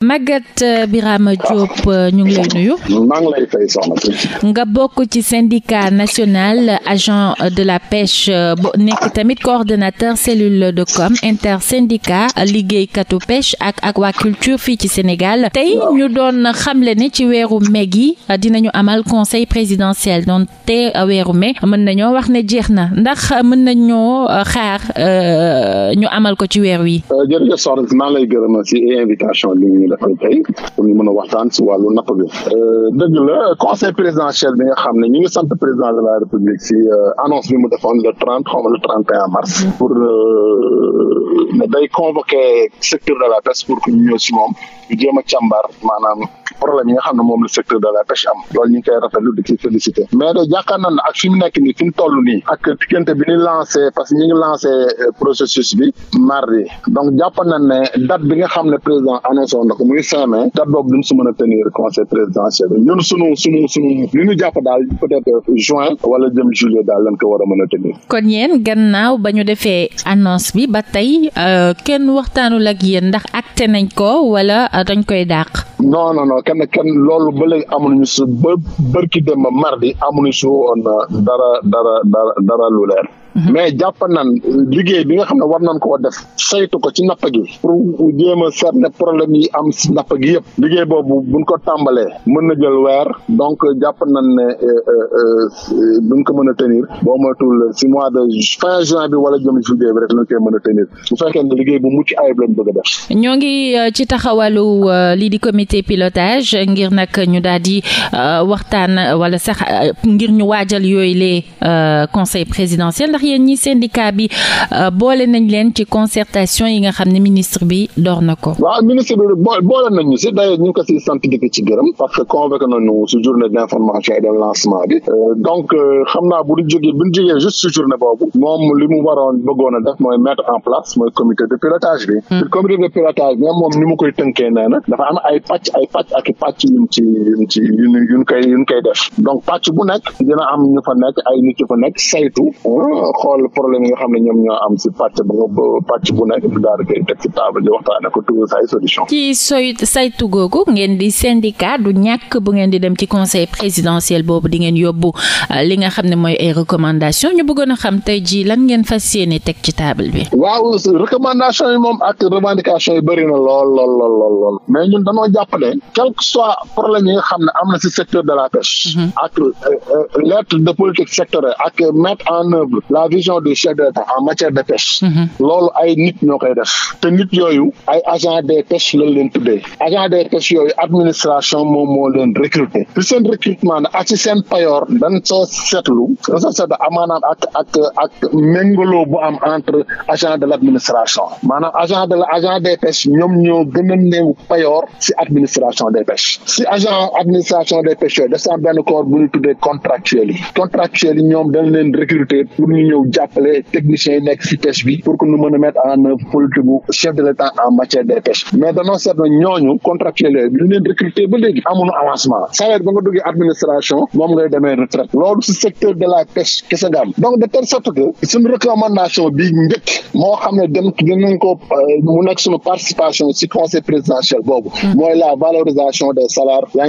Maguette euh, Birame Diop euh, ñu ngi lay nuyu. maa nga bokk ci syndicat national agent euh, de la pêche bo nekk tamit coordonnateur cellule de com intersyndicat liggéeykatu pêche ak aquaculture fii ci Sénégal tey ñu doon xamle ni ci weeru mai gi dinañu amal conseil présidentiel donc te weeru mai mën nañoo wax ne jeex na ndax mën nañoo xaar ñu amal ko ci weer wi. ñu defal tey pour ñu a waxtaan si wàllu napp bi. Euh, dëgg la conseil présidentiel bi nga xam ne ñu ngi sant président de la république si euh, annonce bi mu defoon le trente xaw ma le trente un mars. Mm-hmm. pour euh, ne day convoqué secteur de la pêche pour que ñu ñëw si moom ñu a càmbar maanaam. problème yi nga xam ne moom la secteur de la pêche am loolu ñu ngi koy rafetlu di ci félicité mais de jàkkaar na ak fi mu nekk nii fi mu nii ak diggante euh, bi nga xam ne président annoncé na ko muy cinq mai date boobu ñu jàpp daal peut-être juin wala jëm juillet daal lañ ko war a mën a ba ñu defee annonce bi ba tey euh, kenn waxtaanul ak yéen ndax acté nañ ko wala dañ koy dàq. non non non kenn kenn loolu ba léegi amuñu si ba bërki dem mardi amuñu si woon euh, dara dara dara dara lu leer Mhm. mais jàpp nan liggéey bi nga xam ne war nañ koo def saytu ko ci napp gi pour jéem a seet ne problème yi am si napp gi yëpp liggéey boobu bu buñ ko tàmbalee mën na jël weer donc jàpp nan ne euh, euh, euh, duñ ko mën a tenir boo moytul si mois de fin juin bi wala jëm juillet bi rek lañ koy mën a tenir bu fekkee bu mucc ayib lañ bëgg a def ñoo ngi ci taxawalu lii di comité pilotage ngir nag ñu daal di waxtaan wala sax ngir ñu waajal yooyu les conseil présidentiel ndax yéen ñi syndicat bi euh, boole nañ leen ci concertation yi nga xam ne ministre bi door na ko. waaw ministre bi boole nañ ñu si d'ailleurs ñu ngi ko si sant di ko ci gërëm parce que convoqué nañu su journée d'information et de lancement bi euh, donc euh, xam bu ñu jógee li mu waroon bëggoon a def mooy mettre en place mooy comité de pilotage bi. Hmm. comité de pilotage moom ni mu koy tënkee nee na dafa am ay pàcc ay pàcc ak i pàcc yuñ ci yuñ ci yuñ koy yuñ koy def donc pàcc bu nekk dina am ñu fa nekk ay nit fa nekk saytu. Oh. xool problème yi nga xam ne ñoom ñoo am si pàcc bu nga pàcc bu nekk du di koy teg si table di waxtaane ko trouver say solution ci soy saytu googu ngeen di syndicat du ñàkk bu ngeen di dem ci conseil présidentiel boobu di ngeen yóbbu euh, li nga xam ne mooy ay recommandation ñu bëggoon a xam tey ji ngeen fas yéene teg ci table bi waaw recommandation yi moom ak revendication yi bëri na lool lool lool lool mais ñun dañoo jàpp ne quel soit problème yi nga de la pêche mhm. ak euh, euh, lettre de politique sectorielle la vision du chef de l'État en matière de pêche. Mm-hmm. loolu ay nit ñoo koy def. te nit yooyu ay agent de pêches lañ leen tuddee. agent des pêches yooyu administration moom moo leen recruter. ci seen recrutement na ak seen payoor dan soo seetlu dañ soo ak ak ak méngaloo bu am entre agent de l' administration maanaam agent de agent des pêches ñoom ñoo gën a néew payoor ci administration des pêches si agent administration de pêches yooyu daf saa benn corps bu nu tuddee contractuel yi contractuel yi ñoom ñëw jàppale techniciens yi nekk si pêche bi pour que nu mën a mettre en chef de l'État en matière de pêche mais danoo seetlu ñooñu contractuels yooyu ñu leen ba léegi amuñu avancement salaire ba nga duggee administration moom ngay demee retraite loolu si secteur de la pêche kese nga donc de telle sorte que suñu recommandation bi njëkk moo xam ne dem dinañ ko euh, mu nekk participation si conseil présidentiel boobu hmm. mooy la valorisation des salaires yaa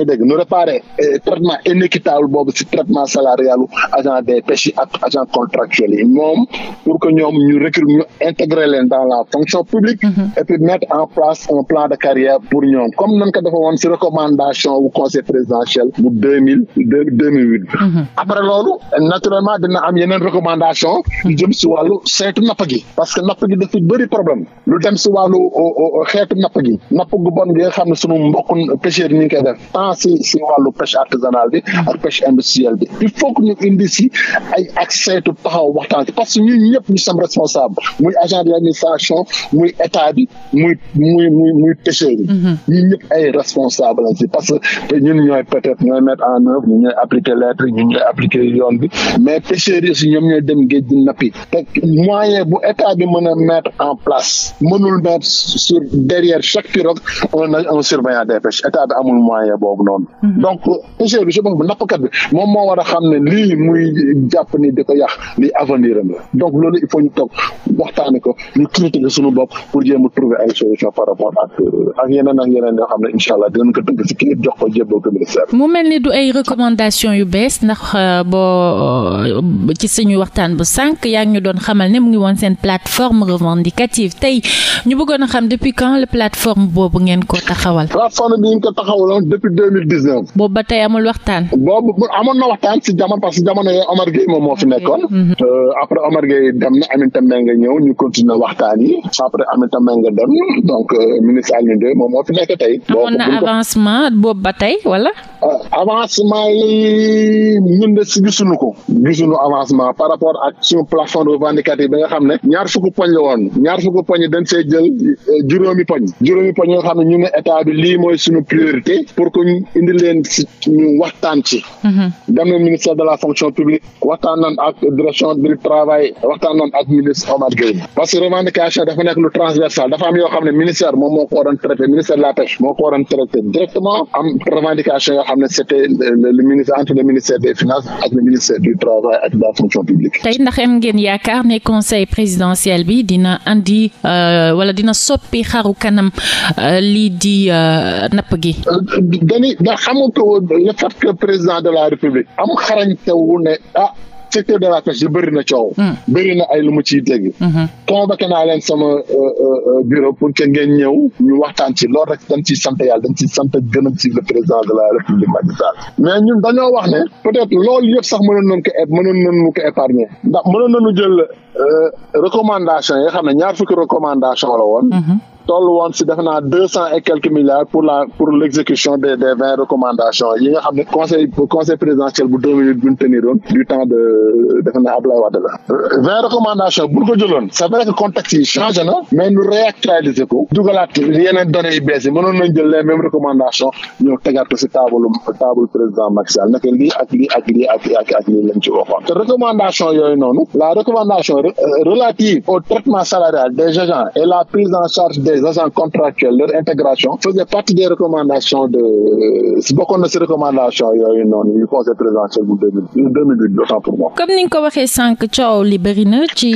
nouvelle yi ñoom pour que ñoom ñu recruter ñu intégrer leen dans la fonction publique. Mm-hmm. et puis mettre en place un plan de carrière pour ñoom comme nañ ko dafa woon ci recommandation wu conseil présidentiel bu deux mille mm-hmm. après loolu naturellement dina am yeneen recommandation yu ci wàllu saytu napp gi parce que napp gi dafa bëri problème lu dem ci wàllu xeetu napp gi napp gu bon gi xam ne sunu mbokk pêcheurs yi def tant ci ci wàllu pêche bi ak pêche industrielle bi waxtaan ci parce que ñun ñëpp ñu sam responsable muy agent de l'administration muy état bi muy muy mm-hmm. ñun ñëpp ay responsable lañ ci parce que ñun ñooy peut-être ñooy mettre en œuvre ñu ñooy appliquer lettre ñun ñooy appliquer yoon bi mais pêcheurs yi aussi ñoom ñooy dem géej di nappi te moyen bu état bi mën a mettre en place mënul mettre sur derrière chaque pirogue on a un surveillant des pêches état bi amul moyen boobu noonu mm-hmm. donc pêcheur bi je nappkat bi moom moo war a avenir am donc loolu il faut waxtaane ko ñu critiquer suñu bopp pour jéem a trouver ay solution par rapport ak euh, ak yeneen ak yeneen yoo xam ne incha allah dinañ ko tënk si kii jox ko jébbal ko ministère mu mel ni du ay recommandation yu bees ndax euh, boo euh, ci suñu waxtaan bu sànq yaa ngi ñu doon xamal ne mu ngi woon seen plateforme revendicative tey ñu bëggoon a xam depuis quand la plateforme boobu ngeen ko taxawal. plateforme bi ñu ko taxawaloon depuis deux mille dix neuf. boobu ba tey amul waxtaan. boobu amoon na waxtaan si jamono parce que jamono yooyu Omar Gueye moom moo fi nekkoon. Mm-hmm. Mm-hmm. après Omar ñëw ñu continuer waxtaan yi après Aminata Mbengue dem donc euh, ministre Alioune Ndoye moom moo na avancement boobu ba tey wala. Euh, avancement yi ñun de si gisuñu ko. gisuñu avancement par rapport ak suñu plateforme revendicative bi nga xam ne. ñaar fukki poñ la woon ñaar fukki poñ dañ see jël euh, juróomi poñ. juróomi poñ nga xam ne ñu ne état bi lii mooy suñu priorité pour que ñu indi leen si ñu waxtaan ci. Mhm. dem na de la fonction publique waxtaan nañ ak direction du travail waxtaan Abdoulaye Guèye ma parce que revendication dafa nekk lu transversal dafa am yoo xam ne ministère moom moo ko waroon ministère de la pêche moo ko waroon directement am revendication yoo xam ne c' le ministère entre le ak le ministère du travail ak la fonction publique. tey ndax am ngeen yaakaar ne conseil présidentiel bi dina andi euh, wala dina soppi xaru kanam euh, lii di euh, napp gi. dañuy da xam nga le fait que la république am xarañte wu ne ah. secteur de la pêche bi bëri na coow. Hmm. bëri na ay lu mu ciy dégg. Hmm. convoqué naa leen sama euh, euh, euh, bureau pour que ngeen ñëw ñu waxtaan ci loolu rek dañ ciy sant yàlla dañ ci sant gërëm ci le président de la république Macky mais ñun dañoo wax ne peut-être loolu yëpp sax mënoon nañu ko mënoon nañu ko épargner ndax na nañu jël recommandation yi nga xam ne ñaar fukki recommandation la woon. Hmm. toll woon si defe naa deux cent et quelques milliards pour la des vingt recommandations yi nga xam ne conseil conseil bu deux minutes bu ñu teniroon du temps de defe naa Abdoulaye la vingt recommandations bu ko jëloon c' que contexte yi changé na mais ñu réactualiser ko dugalaat yeneen données yu bees yi mënoon nañ jël les mêmes recommandations ñëw tegaat si taabalu président Macky Sall naka lii ak lii ak au traitement les agents contractuels leur intégration faisait partie des recommandations de euh, si bokkoon na si yooyu noonu yu conseil présidentiel bu deux mille deux mille huit comme ni nga ko waxee sànq coow li bëri na ci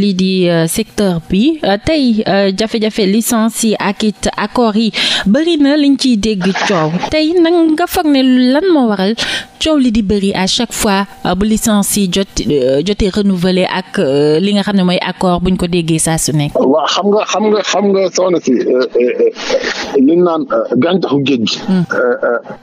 lii di euh, secteur bi euh, tey jafe-jafe licence yi ak it accord yi bëri na liñ ciy dégg coow tey nag nga foog ne lan moo waral coow li di bëri à chaque fois bu licence yi jot jotee renouveler ak li nga xam ne mooy accord buñ ko déggee saa su nekk. soxna si euh, euh, euh, li ñu naan gàncaxu géej gi. Hmm.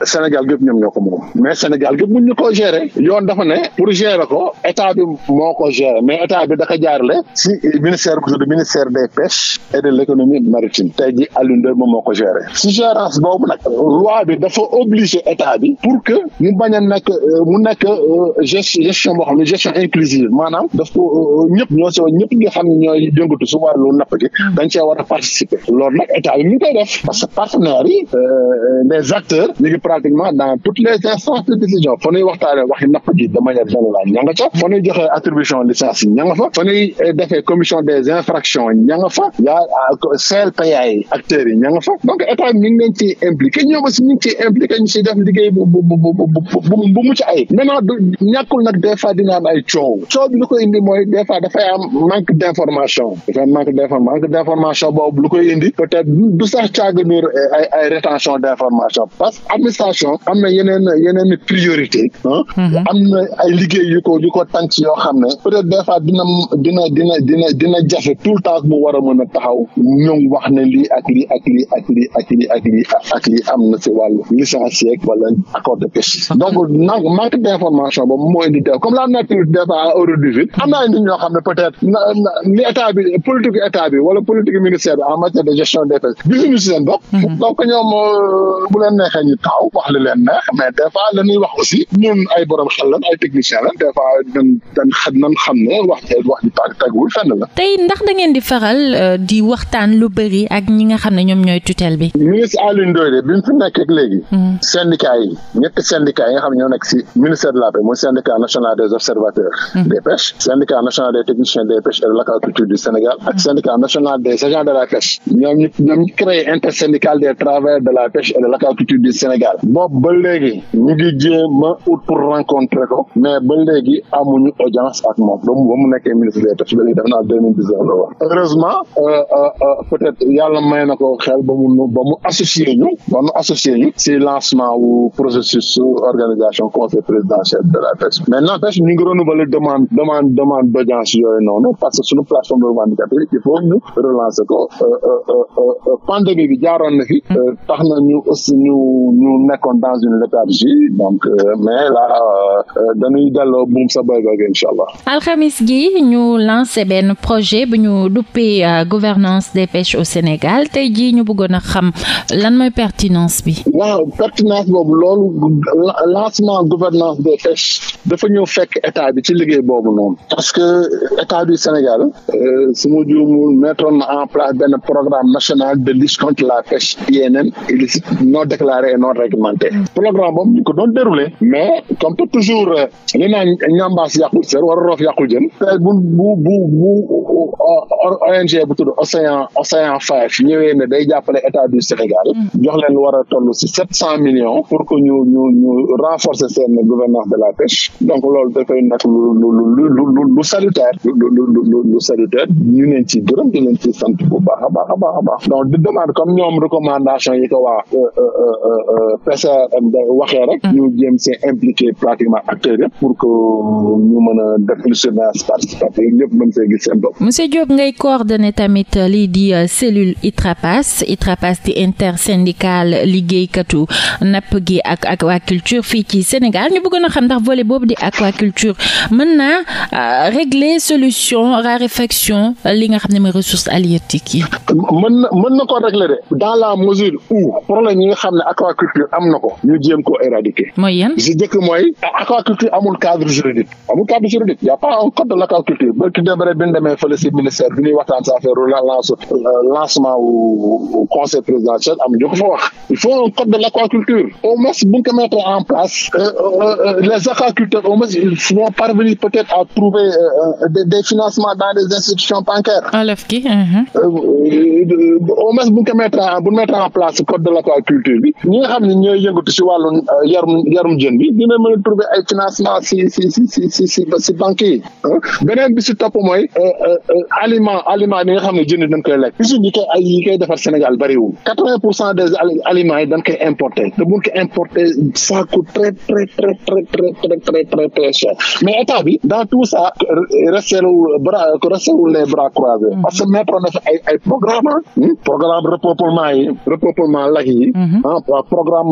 Sénégal gépp ñoom ñoo ko moom mais Sénégal gépp mun ñu koo gérer yoon dafa ne pour gérer ko état bi moo ko gérer mais état bi da ko jaarale si ministère bu tudd ministère des pêches et de l' économie maritime tey ji Alioune moom moo ko gérer si gérance boobu nag loi bi dafa obligé état bi pour que ñu bañ a nekk mu nekk gestion boo xam ne gestion inclusive maanaam daf ko ñëpp ñoo si ñëpp nga xam ne ñooy yëngatu su wàllu napp gi hmm. dañ cee participer loolu nag état yi ñu def parce que partenaires yi euh, euh, les acteurs ñu ngi pratiquement dan toutes les instances de décision fa ñuy waxtaanee waxi napp ji de manière générale ña nga ca fa ñuy joxe attribution licence yi ña fa fa ñuy euh, defee commission des infractions ña fa yaa CLPA yi acteurs yi ña nga fa donc état ñu ngi leen ciy impliqué ñoom aussi ñu ngi ciy impliqué ñu ciy def liggéey bu bu bu bu bu ay maintenant nag des dina am coow coow bi lu ko indi mooy des fois dafay am manque d' koy indi peut-être du sax caaganóor eh, ay ay rétention d'information parce que administration am na yeneen yeneen priorité mhm. am na le temps mu war a mën a taxaw ñoom wax ne lii ak lii ak lii ak lii ak lii ak lii ak lii am na si wàllu licencié wala politique état bi wala matière de gestion des pêches gisuñu si seen bopp mhm. donc ñoom euh, bu leen neexee ñu taxaw wax li leen neex mais des fois la ñuy wax aussi ñun ay borom xel lan ay technicien lan des fois nan dan xa nan xam ne wax wax ji tag tagwul fenn la tey ndax da ngeen di faral euh, di waxtaan lu bëri ak ñi nga xam ne ñoom ñooy tutelle bi ministre Alioune Ndoye bi mu fi nekk ak léegi mhm. syndicat yi ñetti syndicat yi nga xam ne ñoo nekk si ministère de la paix mooy syndicat national des observateurs mhm. des pêches ñoom ñu ñoom ñu créé intersyndical de la pêche et de l'aquaculture du Sénégal boobu ba léegi ñu ngi jéem a ut pour rencontrer ko mais ba léegi amuñu audience ak moom ba mu ba mu nekkee ministre des pêches ba léegi def naa deux mille dix neuf la heureusement euh, euh, euh, peut-être yàlla may na ko xel ba mu ba mu associé ñu ba mu associé ñu si lancement wu processus sous organisation conseil présidentiel de la pêche mais n'empêche ñu ngi renouveler demande demande demande d'audience noonu parce que suñu plateforme de pandémie bi jaaroon na fi. Hmm. Euh, tax na ñu ñu ñu nekkoon dans une léthargie donc euh, mais là euh, dañuy delloo buum sa bay bay incha allah. alxamis gi ñu lancé benn projet bu ñu duppee gouvernance des pêches au Sénégal tey jii ñu bëggoon a xam lan mooy pertinence bi. waaw pertinence boobu lool lancement gouvernance des pêches dafa ñëw fekk état bi ci liggéey boobu noonu. parce que état du Sénégal su ma juumul mettoon na en place benn programme national de lutte contre la pêche INN illicite non déclarée et non réglementée. Mm. programme boobu ñu ko déroulé. mais comme toujours li euh, naan ñambaas yàqul sër war a roof yàqul jën. bu bu bu ONG bu tudd Océan Océan Five ñëwee ne day jàppale état du Sénégal mm. jox leen war a toll si sept cent million pour que ñu ñu ñu renforcer seen gouvernance de la pêche donc loolu dafay nag lu lu lu lu lu salutaire lu lu salutaire ñu leen ci gërëm di leen ci sant bu baax a baax a baax a donc di demande comme ñoom recommandation yi ko waa euh, euh, euh, PCR waxee rek mm. ñu jéem see impliqué pratiquement acteur yëpp pour que ñu mën a def une surveillance participative ñëpp mën see gis seen bopp monsieur Diop ngay coordonné tamit lii di euh, cellule ITRAPAS ITRAPAS di intersyndicale liggéeykatu napp gi ak aquaculture fii ci Sénégal ñu bëggoon a xam ndax volet boobu di aquaculture mën naa euh, régler solution raréfaction li nga xam ne mooy ressources halieutiques yi mën na mën na ko régler de dans la mesure où problème yi nga xam ne aquaculture am na ko ñu jéem koo éradiquer. mooy yan si jëkk mooy aquaculture amul cadre juridique amul cadre juridique y' a pas un code de l' aquaculture ba ki ministère bi ñuy waxtaan sa affaire euh, lancement wu conseil présidentiel am ñu ko wax il faut un code de l' au moins bu ñu mettre en place euh, euh, les aquaculteurs au moins ils vont parvenir peut-être à trouver des au moins bu ñu ko mettre bu ñu mettre en place code de l'aquaculture bi ñi nga xam ne ñooy yëngatu si wàllu euh, yarum jën bi dina mën a trouver ay financement si si si si si si beneen bi si topp mooy euh, euh, aliment aliment yi xam ne jën yi koy lekk usines yi koy defar Sénégal bariwul quatre vingt pour cent des aliments yi dañ koy importer te buñ ko importer ça coûte très très très très très très très très très cher mais état bi dans tout ça resewul bras resewul les bras croisés mm-hmm. parce programme ah. programme repeuplement yi repeuplement lac mhm. ah, programme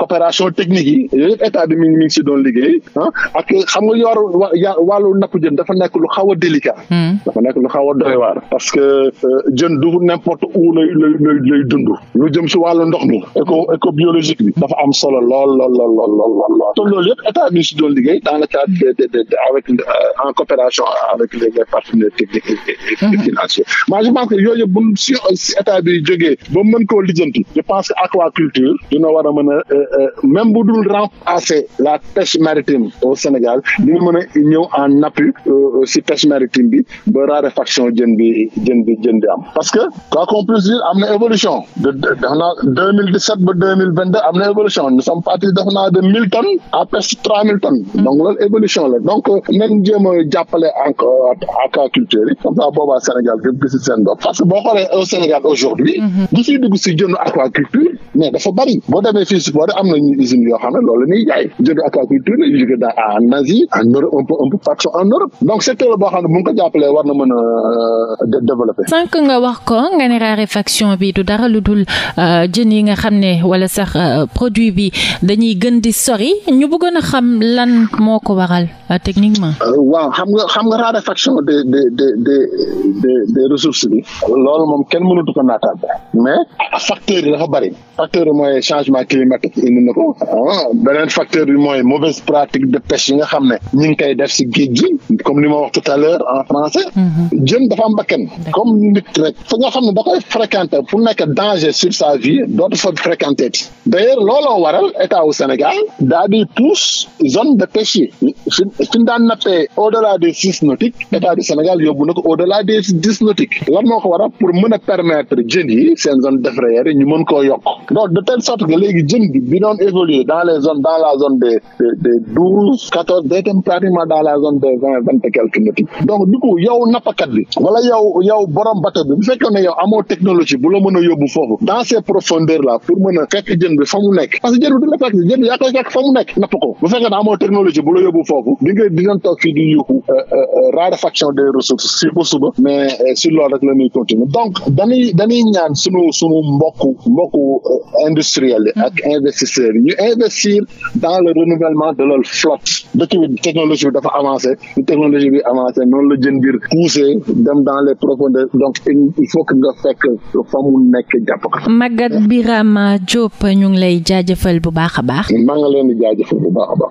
coopération technique yi yooyu état bi mi ngi mi ngi si doon liggéey ah ak xam nga yor wàllu napp jën dafa nekk lu xaw a délicat. Hmm. dafa nekk lu xaw a doy parce que euh, jën du n'importe où lay lay lay dund lu jëm si wàllu ndox mi éco écobiologique bi dafa am solo lool lool lool lool lool te yëpp état bi si doon liggéey dans le cadre avec euh, en coopération avec les partenaires techniques mhm. yëpp bu si si état bi jógee ba mën koo lijjanti je pense que aquaculture dina war a mën a euh, euh, même bu dul remplacer la pêche maritime au Sénégal dina mën a ñëw en appui euh, si pêche maritime bi ba raréfaction jën bi jën bi jën bi am parce que quoi qu'on puisse dire am na évolution de def naa 2017 ba 2022 am na évolution nous sommes partis def naa de 1000 tonnes à presque 3000 tonnes mm. donc loolu évolution la donc nañ jéem a jàppale encore aquaculture yi comme ça boobaa Sénégal gëpp boo xoolee au Sénégal aujourd'hui bu mhm. siy dugg si boo demee fii si am na ñu usines yoo xam ne loolu la ñuy jaay jëndu aquaculture la jóge daa en Asie ko jàppalee war na mën a euh, développer. sànq nga wax ko nga ne raréfaction bi du dara lu dul euh, jën yi nga xam ne walla sax euh, produit bi dañuy gën di sori ñu bëggoon a xam lan moo ko waral techniquement. waaw xam nga xam nga raréfaction des des des des des ressources bi. loolu moom kenn mënatu ko naataat mais facteurs yi dafa bari facteur yi mooy changement climatique indi na ko ah, beneen facteur bi mooy mauvaise pratique de pêche yi nga xam ne ñu ngi koy def si géej gi comme li ma wax tout en français mhm. jën dafa am bakkan comme nit rek fa nga xam ne da koy fréquenter pour nekk danger sur sa vie dootu fa fréquenter ti d'ailleurs looloo waral état wu Sénégal daa di pousse zone de pêche yi fi fi daan nappee au de des six nautiques état du Sénégal yóbbu na ko au delà des dix nautiques lan moo ko waral pour mën a permettre jën yi seen zone défrayère yi ñu mën koo yokk donc de telle sorte que léegi jën bi bi doon évoluer dans les zones dans la zone des des douze quatorze day dem dans la zone des vingt vingt et quelques nautiques donc du coup yow nappakat bi wala yow yow borom bateau bi bu fekkee ne yow amoo technologie bu la mën a yóbbu foofu dans ces profondeurs là pour mën a fekk jën bi fa mu nekk parce que jën bi du la fekk jën yaa koy fekk fa mu nekk napp ko bu fekkee ne amoo technologie la yóbbu foofu di nga dinañ toog fii di yuuxu euh, euh, euh, raréfaction des ressources si si loolu rek la ñuy donc dañuy dañuy ñaan sunu sunu mbokku mbokku euh, industriels yi mm. ak investisseurs yi ñu investir dans le renouvellement de leur flotte dëkk bi technologie bi dafa avancé technologie bi avancé noonu la jën biir poussé dem dans les profondeurs donc il faut que nga fekk fa mu nekk jàpp ko. Maguette Birama Diop ñu ngi lay jaajëfal bu baax a baax. maa ngi leen di jaajëfal bu baax a baax.